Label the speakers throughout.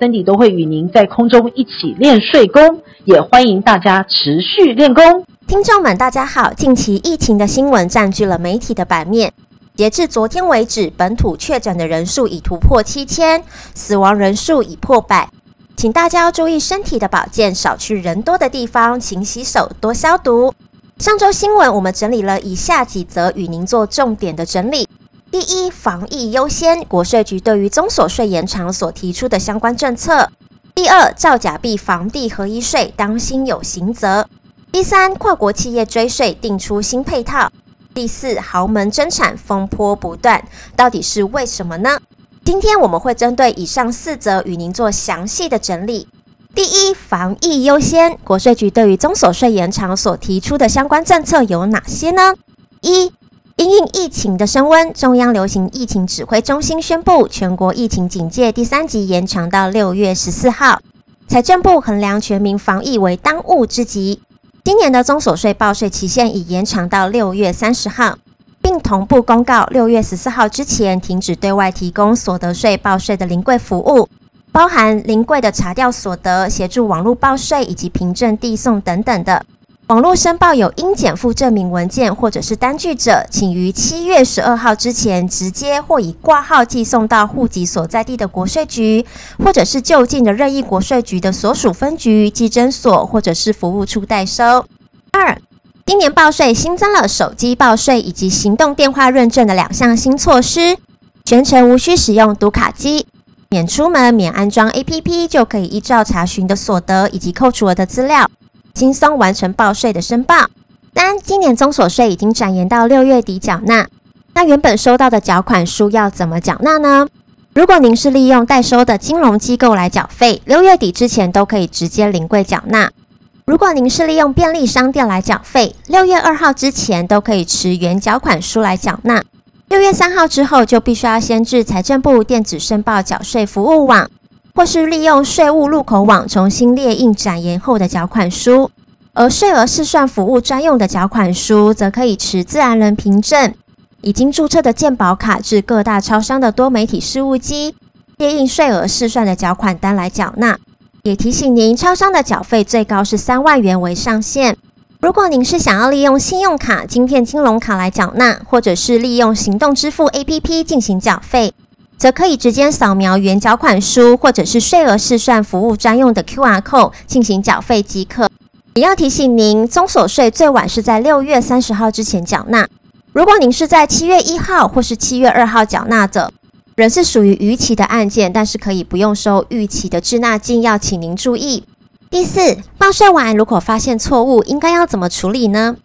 Speaker 1: 身體都會與您在空中一起練睡功也歡迎大家持續練功。聽眾們，大家好！近期疫情的新聞佔據了媒體的版面，截至昨天為止，本土確診的人數已突破七千，死亡人數已破百。請大家注意身體的保健，少去人多的地方，勤洗手，多消毒。上週新聞，我們整理了以下幾則，與您做重點的整理。第一，防疫優先，國稅局對於綜所稅延長所提出的相關政策。第二，造假幣、房地合一稅，當心有刑責。第三，跨國企業追稅，定出新配套。第四，豪門爭產，風波不斷，到底是為什麼呢？今天我們會針對以上四則與您做詳細的整理。第一，防疫優先，國稅局對於綜所稅延長所提出的相關政策有哪些呢？一因應疫情的升溫，中央流行疫情指揮中心宣布，全國疫情警戒第三級延長到六月十四號。財政部衡量全民防疫為當務之急，今年的綜所稅報稅期限已延長到六月三十號，並同步公告，六月十四號之前停止對外提供所得稅報稅的臨櫃服務，包含臨櫃的查調所得、協助網絡報稅以及憑證遞送等等的。網絡申報有應檢附證明文件或者是單據者，請於七月十二號之前直接或以掛號寄送到戶籍所在地的國稅局，或者是就近的任意國稅局的所屬分局、稽徵所或者是服務處代收。二、今年報稅新增了手機報稅以及行動電話認證的兩項新措施，全程無需使用讀卡機，免出門、免安裝 APP，就可以依照查詢的所得以及扣除額的資料。輕鬆完成報稅的申報。當然，今年綜所稅已經展延到六月底繳納，那原本收到的繳款書要怎麼繳納呢？如果您是利用代收的金融機構來繳費，六月底之前都可以直接臨櫃繳納；如果您是利用便利商店來繳費，六月二號之前都可以持原繳款書來繳納。六月三號之後，就必須要先至財政部電子申報繳稅服務網。或是利用稅務入口網重新列印展延後的繳款書，而稅額試算服務專用的繳款書，則可以持自然人憑證、已經注冊的健保卡至各大超商的多媒體事務機列印稅額試算的繳款單來繳納。也提醒您，超商的繳費最高是三萬元為上限。如果您是想要利用信用卡、晶片金融卡來繳納，或者是利用行動支付 APP 進行繳費。則可以直接掃描原繳款書或者是稅額試算服務專用的 QR Code 進行繳費即可。也要提醒您，綜所稅最晚是在六月三十號之前繳納。如果您是在七月一號或是七月二號繳納的，仍是屬於逾期的案件，但是可以不用收逾期的滯納金，要請您注意。第四，報稅完如果發現錯誤，應該要怎麼處理呢？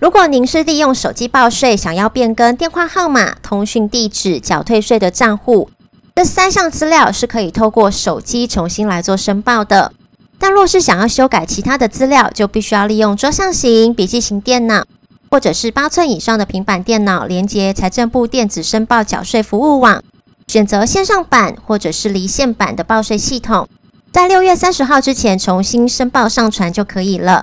Speaker 1: 如果您是利用手機報稅，想要變更電話號碼、通訊地址、繳退稅的賬戶，這三項資料是可以透過手機重新來做申報的。但若是想要修改其他的資料，就必須要利用桌上型、筆記型電腦，或者是八寸以上的平板電腦，連接財政部電子申報繳稅服務網，選擇線上版或者是離線版的報稅系統，在六月三十號之前重新申報上傳就可以了。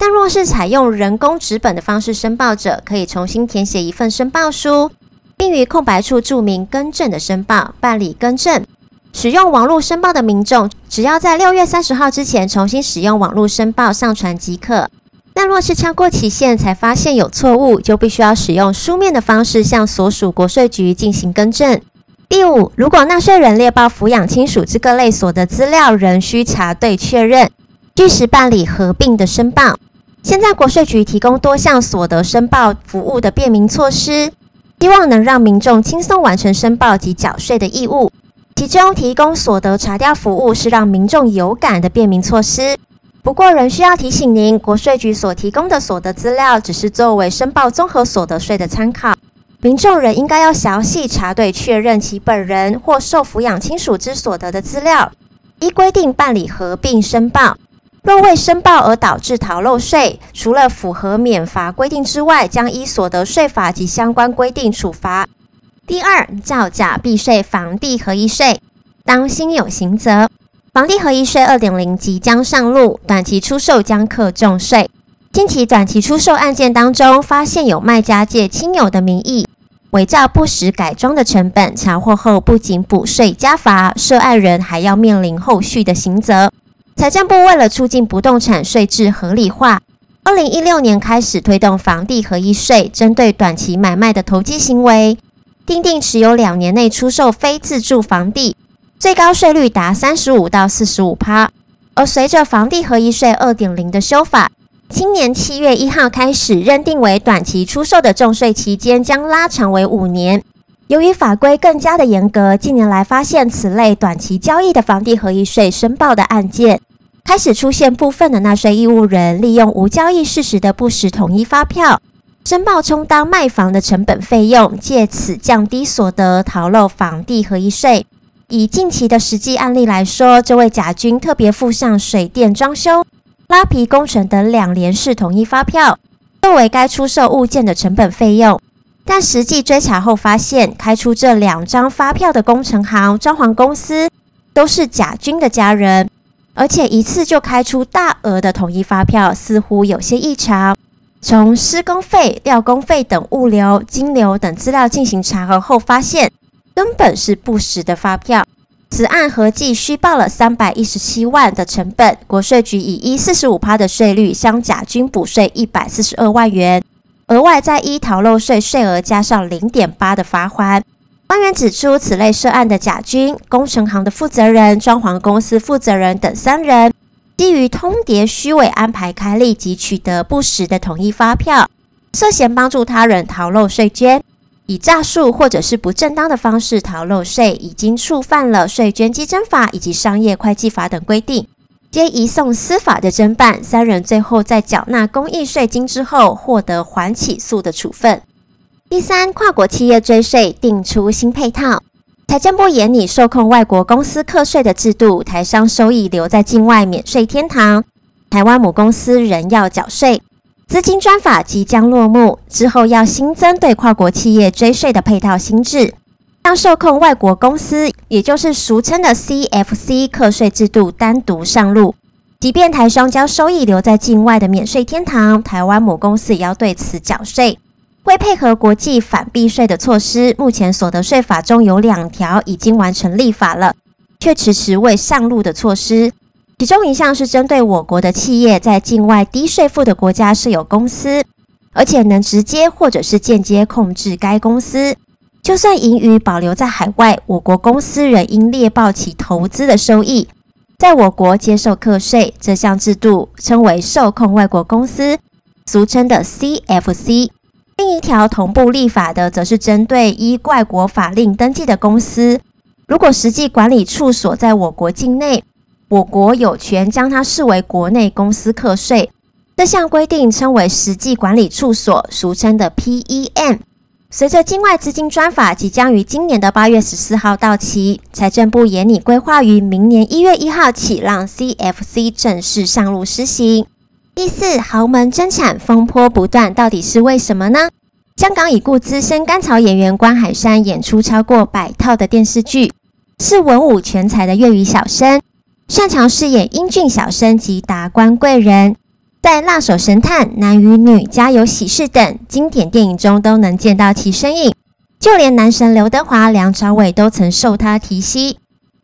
Speaker 1: 但若是採用人工紙本的方式申報者，可以重新填寫一份申報書，並於空白處註明更正的申報，辦理更正。使用網絡申報的民眾，只要在六月三十號之前重新使用網絡申報上傳即可。但若是超過期限才發現有錯誤，就必須要使用書面的方式向所屬國稅局進行更正。第五，如果納稅人列報撫養親屬之各類所得資料仍需查對確認，據實辦理合併的申報。現在國稅局提供多項所得申報服務的便民措施，希望能讓民眾輕鬆完成申報及繳稅的義務。其中，提供所得查調服務是讓民眾有感的便民措施。不過，仍需要提醒您，國稅局所提供的所得資料只是作為申報綜合所得稅的參考，民眾仍應該要詳細查對確認其本人或受扶養親屬之所得的資料，依規定辦理合併申報。若未申報而導致逃漏稅，除了符合免罰規定之外，將依所得稅法及相關規定處罰。第二，造假避稅房地合一稅，當心有刑責。房地合一稅二點零即將上路，短期出售將課重稅。近期短期出售案件當中，發現有賣家借親友的名義，偽造不實改裝的成本，查獲後不僅補稅加罰，涉案人還要面臨後續的刑責。財政部為了促進不動產稅制合理化，二零一六年開始推動房地合一稅，針對短期買賣的投機行為，定定持有兩年內出售非自住房地，最高稅率達三十五到四十五趴。而隨着房地合一稅二點零的修法，今年七月一號開始認定為短期出售的重稅期間將拉長為五年。由於法規更加的嚴格，近年來發現此類短期交易的房地合一稅申報的案件。開始出現部分的納稅義務人利用無交易事實的不實統一發票申報充當賣房的成本費用，借此降低所得，逃漏房地合一稅。以近期的實際案例來說，這位甲君特別附上水電、裝修、拉皮工程等兩聯式統一發票，作為該出售物件的成本費用。但實際追查後發現，開出這兩張發票的工程行、裝潢公司都是甲君的家人。而且一次就開出大額的統一發票，似乎有些異常。從施工費、料工費等物流、金流等資料進行查核後，發現根本是不實的發票。此案合計虛報了三百一十七萬的成本，國稅局以一四十五趴的稅率，向甲君補稅一百四十二萬元，額外再依逃漏稅稅額加上零點八的罰鍰。官員指出，此類涉案的甲君、工程行的負責人、裝潢公司負責人等三人，基於通謀虛偽安排開立及取得不實的統一發票，涉嫌幫助他人逃漏稅捐，以詐術或者是不正當的方式逃漏稅，已經觸犯了稅捐稽徵法以及商業會計法等規定，皆移送司法的偵辦。三人最後在繳納公益稅金之後，獲得緩起訴的處分。第三，跨國企業追稅定出新配套。財政部研擬受控外國公司課稅的制度，台商收益留在境外免稅天堂，台灣母公司仍要繳稅。資金專法即將落幕之後，要新增對跨國企業追稅的配套新制，讓受控外國公司，也就是俗稱的 CFC 課稅制度，單獨上路。即便台商將收益留在境外的免稅天堂，台灣母公司也要對此繳稅。為配合國際反避稅的措施，目前所得稅法中有兩條已經完成立法了，卻遲遲未上路的措施。其中一項是針對我國的企業在境外低稅負的國家設有公司，而且能直接或者是間接控制該公司，就算盈餘保留在海外，我國公司仍應列報其投資的收益，在我國接受課稅，這項制度稱為受控外國公司，俗稱的 CFC。另一條同步立法的，則是針對依外國法令登記的公司，如果實際管理處所在我國境內，我國有權將它視為國內公司課稅。這項規定稱為實際管理處所，俗稱的 PEM。隨着境外資金專法即將於今年的八月十四號到期，財政部也擬規劃於明年一月一號起讓 CFC 正式上路施行。第四，豪門爭產風波不斷，到底是為什麼呢？香港已故資深甘草演員關海山演出超過百套的電視劇，是文武全才的粵語小生，擅長飾演英俊小生及達官貴人，在《辣手神探》《男與女》《家有喜事》等經典電影中都能見到其身影，就連男神劉德華、梁朝偉都曾受他提攜。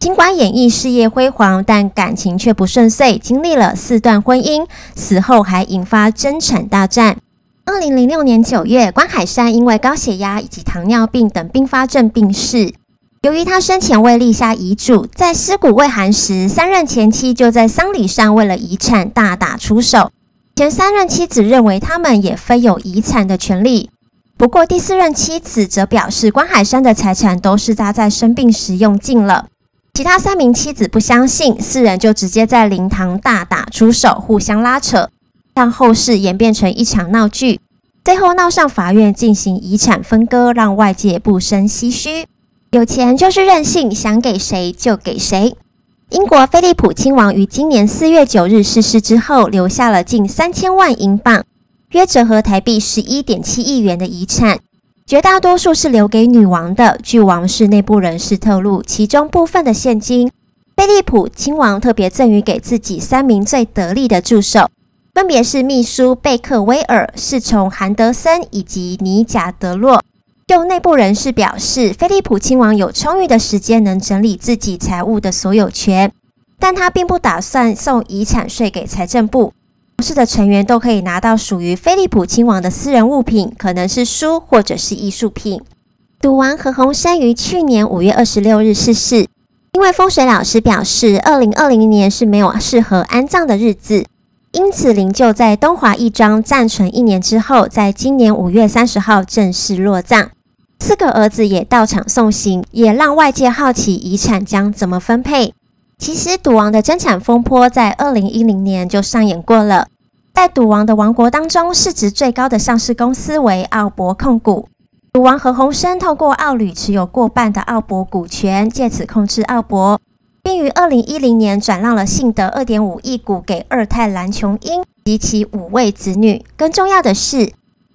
Speaker 1: 儘管演藝事業輝煌，但感情卻不順遂，經歷了四段婚姻，死後還引發爭產大戰。二零零六年九月，關海山因為高血壓以及糖尿病等併發症病逝。由於他生前未立下遺囑，在屍骨未寒時，三任前妻就在喪禮上為了遺產大打出手。前三任妻子認為他們也非有遺產的權利，不過第四任妻子則表示關海山的財產都是他在生病時用盡了。其他三名妻子不相信，四人就直接在靈堂大打出手，互相拉扯，讓後事演變成一場鬧劇，最後鬧上法院進行遺產分割，讓外界不勝唏噓。有錢就是任性，想給誰就給誰。英國菲利普親王於今年四月九日逝世之後，留下了近三千萬英鎊，約折合台幣十一點七億元的遺產。絕大多數是留給女王的。據王室內部人士透露，其中部分的現金，菲利普親王特別贈予給自己三名最得力的助手，分別是秘書貝克威爾、侍從韓德森以及尼賈德洛。就內部人士表示，菲利普親王有充裕的時間能整理自己財務的所有權，但他並不打算送遺產稅給財政部。同事的成員都可以拿到屬於菲利普親王的私人物品，可能是書或者是藝術品。賭王何鴻燊於去年五月二十六日逝世，因為風水老師表示，二零二零年是沒有適合安葬的日子，因此靈柩在東華義莊暫存一年之後，在今年五月三十號正式落葬。四個兒子也到場送行，也讓外界好奇遺產將怎麼分配。其實，賭王的爭產風波在二零一零年就上演過了。在賭王的王國當中，市值最高的上市公司為澳博控股。賭王何鴻燊透過澳旅持有過半的澳博股權，借此控制澳博，並於二零一零年轉讓了信德二點五億股給二太藍瓊纓及其五位子女。更重要的是，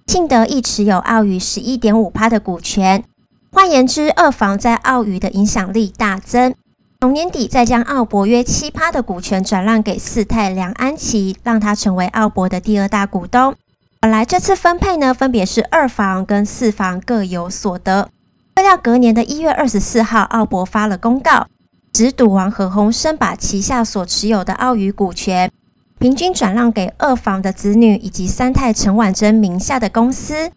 Speaker 1: 信德亦持有澳旅十一點五趴的股權。換言之，二房在澳旅的影響力大增。同年底，再將澳博約七趴的股權轉讓給四太梁安琪，讓她成為澳博的第二大股東。本來這次分配呢，分別是二房跟四房各有所得。不料隔年的一月二十四號，澳博發了公告，指賭王何鴻燊把旗下所持有的澳娛股權平均轉讓給二房的子女以及三太陳婉珍名下的公司。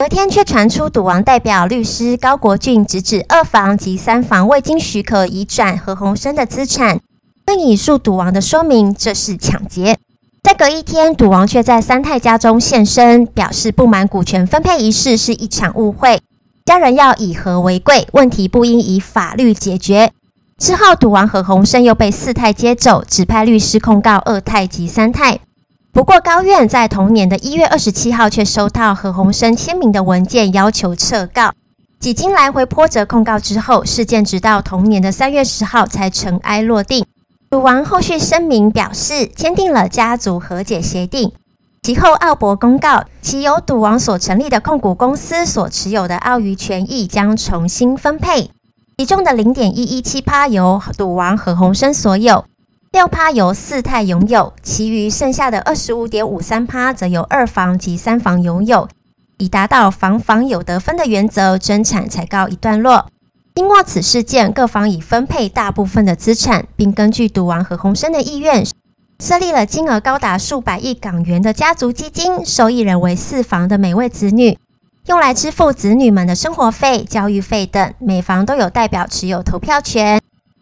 Speaker 1: 隔天卻傳出賭王代表律師高國俊直指，指二房及三房未經許可移轉何鴻燊的資產，更引述賭王的說明，這是搶劫。再隔一天，賭王卻在三太家中現身，表示不滿股權分配一事是一場誤會，家人要以和為貴，問題不應以法律解決。之後，賭王何鴻燊又被四太接走，指派律師控告二太及三太。不過，高院在同年的一月二十七號卻收到何鴻燊簽名的文件，要求撤告。幾經來回波折控告之後，事件直到同年的三月十號才塵埃落定。賭王後續聲明表示，簽訂了家族和解協定。其後，澳博公告其由賭王所成立的控股公司所持有的澳娛權益將重新分配，其中的零點一一七趴由賭王何鴻燊所有。六趴由四太擁有，其餘剩下的二十五點五三趴則由二房及三房擁有，以達到房房有得分的原則，爭產才告一段落。經過此事件，各房已分配大部分的資產，並根據賭王何鴻燊的意願，設立了金額高達數百億港元的家族基金，受益人為四房的每位子女，用來支付子女們的生活費、教育費等，每房都有代表持有投票權。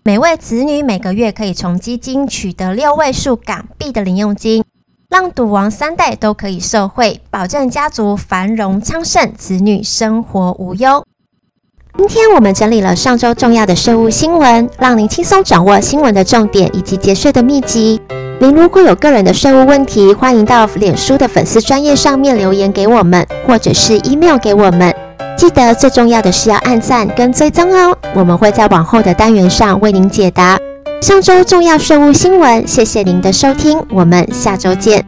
Speaker 1: 每位子女每個月可以從基金取得六位數港幣的零用金，讓賭王三代都可以受惠，保證家族繁榮昌盛，子女生活無憂。今天我們整理了上週重要的稅務新聞，讓您輕鬆掌握新聞的重點以及節稅的祕籍。您如果有個人的稅務問題，歡迎到臉書的粉絲專頁上面留言給我們，或者是 email 給我們。記得最重要的是要按讚跟追蹤哦！我們會在往後的單元上為您解答上周重要稅務新聞。謝謝您的收聽，我們下周見。